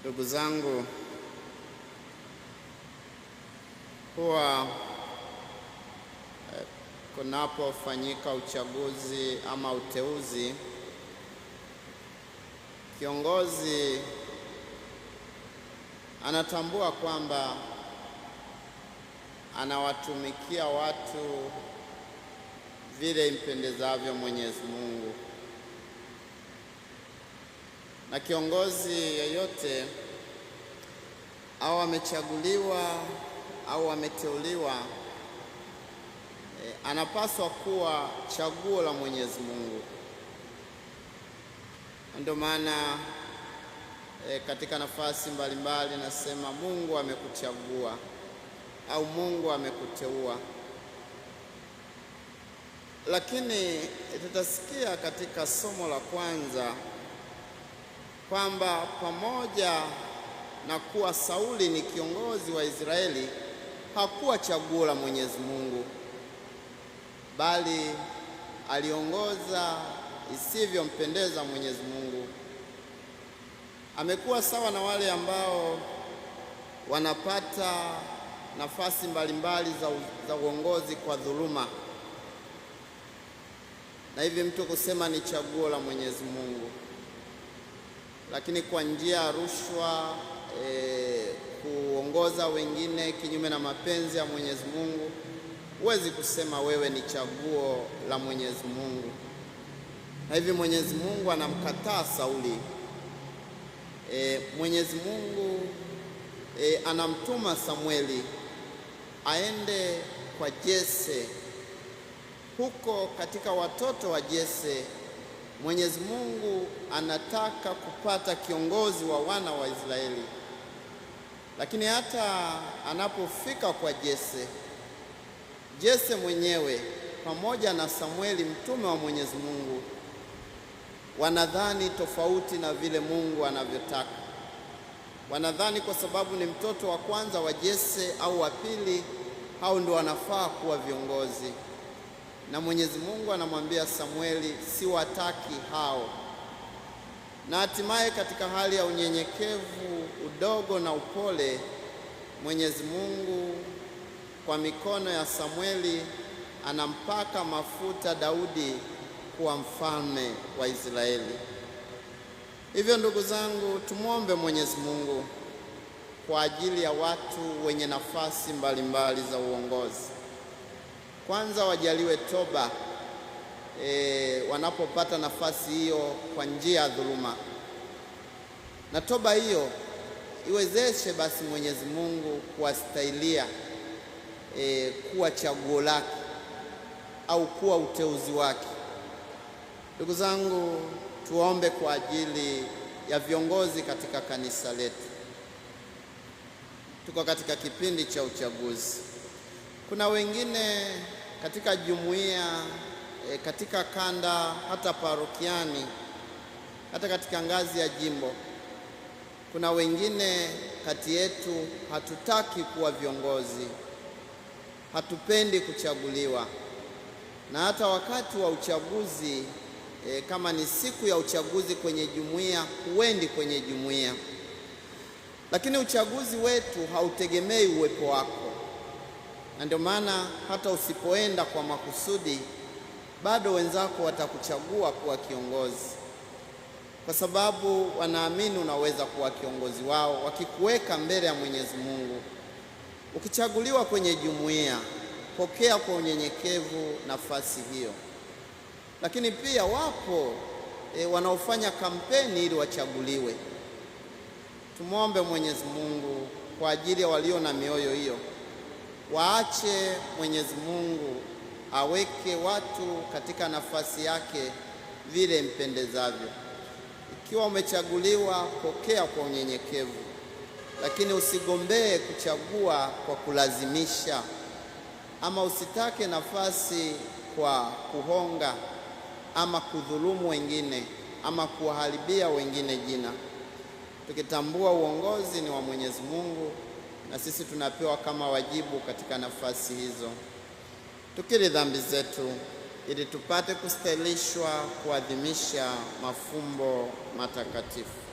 Ndugu zangu, huwa eh, kunapofanyika uchaguzi ama uteuzi, kiongozi anatambua kwamba anawatumikia watu vile impendezavyo Mwenyezi Mungu na kiongozi yeyote au amechaguliwa au ameteuliwa e, anapaswa kuwa chaguo la Mwenyezi Mungu. Ndio maana e, katika nafasi mbalimbali nasema Mungu amekuchagua au Mungu amekuteua. Lakini eh, tutasikia katika somo la kwanza kwamba pamoja na kuwa Sauli ni kiongozi wa Israeli, hakuwa chaguo la Mwenyezi Mungu, bali aliongoza isivyompendeza Mwenyezi Mungu. Amekuwa sawa na wale ambao wanapata nafasi mbalimbali za, za uongozi kwa dhuluma, na hivi mtu kusema ni chaguo la Mwenyezi Mungu lakini kwa njia ya rushwa e, kuongoza wengine kinyume na mapenzi ya Mwenyezi Mungu, huwezi kusema wewe ni chaguo la Mwenyezi Mungu. Na hivi Mwenyezi Mungu anamkataa Sauli. E, Mwenyezi Mungu e, anamtuma samweli aende kwa Jese. Huko katika watoto wa Jese Mwenyezi Mungu anataka kupata kiongozi wa wana wa Israeli, lakini hata anapofika kwa Jese, Jese mwenyewe pamoja na Samueli mtume wa Mwenyezi Mungu wanadhani tofauti na vile Mungu anavyotaka. Wanadhani kwa sababu ni mtoto wa kwanza wa Jese au wa pili, hao ndio wanafaa kuwa viongozi na Mwenyezi Mungu anamwambia Samueli, siwataki hao. Na hatimaye katika hali ya unyenyekevu, udogo na upole, Mwenyezi Mungu kwa mikono ya Samueli anampaka mafuta Daudi kuwa mfalme wa Israeli. Hivyo ndugu zangu, tumwombe Mwenyezi Mungu kwa ajili ya watu wenye nafasi mbalimbali mbali za uongozi. Kwanza wajaliwe toba e, wanapopata nafasi hiyo kwa njia ya dhuluma, na toba hiyo iwezeshe basi Mwenyezi Mungu kuwastahilia e, kuwa chaguo lake au kuwa uteuzi wake. Ndugu zangu, tuombe kwa ajili ya viongozi katika kanisa letu. Tuko katika kipindi cha uchaguzi. Kuna wengine katika jumuiya e, katika kanda, hata parokiani, hata katika ngazi ya jimbo. Kuna wengine kati yetu hatutaki kuwa viongozi, hatupendi kuchaguliwa, na hata wakati wa uchaguzi e, kama ni siku ya uchaguzi kwenye jumuiya, huendi kwenye jumuiya. Lakini uchaguzi wetu hautegemei uwepo wako na ndio maana hata usipoenda kwa makusudi bado wenzako watakuchagua kuwa kiongozi, kwa sababu wanaamini unaweza kuwa kiongozi wao, wakikuweka mbele ya Mwenyezi Mungu. Ukichaguliwa kwenye jumuiya, pokea kwa unyenyekevu nafasi hiyo. Lakini pia wapo e, wanaofanya kampeni ili wachaguliwe. Tumwombe Mwenyezi Mungu kwa ajili ya walio na mioyo hiyo. Waache Mwenyezi Mungu aweke watu katika nafasi yake vile mpendezavyo. Ikiwa umechaguliwa, pokea kwa unyenyekevu, lakini usigombee kuchagua kwa kulazimisha, ama usitake nafasi kwa kuhonga ama kudhulumu wengine ama kuwaharibia wengine jina, tukitambua uongozi ni wa Mwenyezi Mungu na sisi tunapewa kama wajibu katika nafasi hizo, tukiri dhambi zetu ili tupate kustahilishwa kuadhimisha mafumbo matakatifu.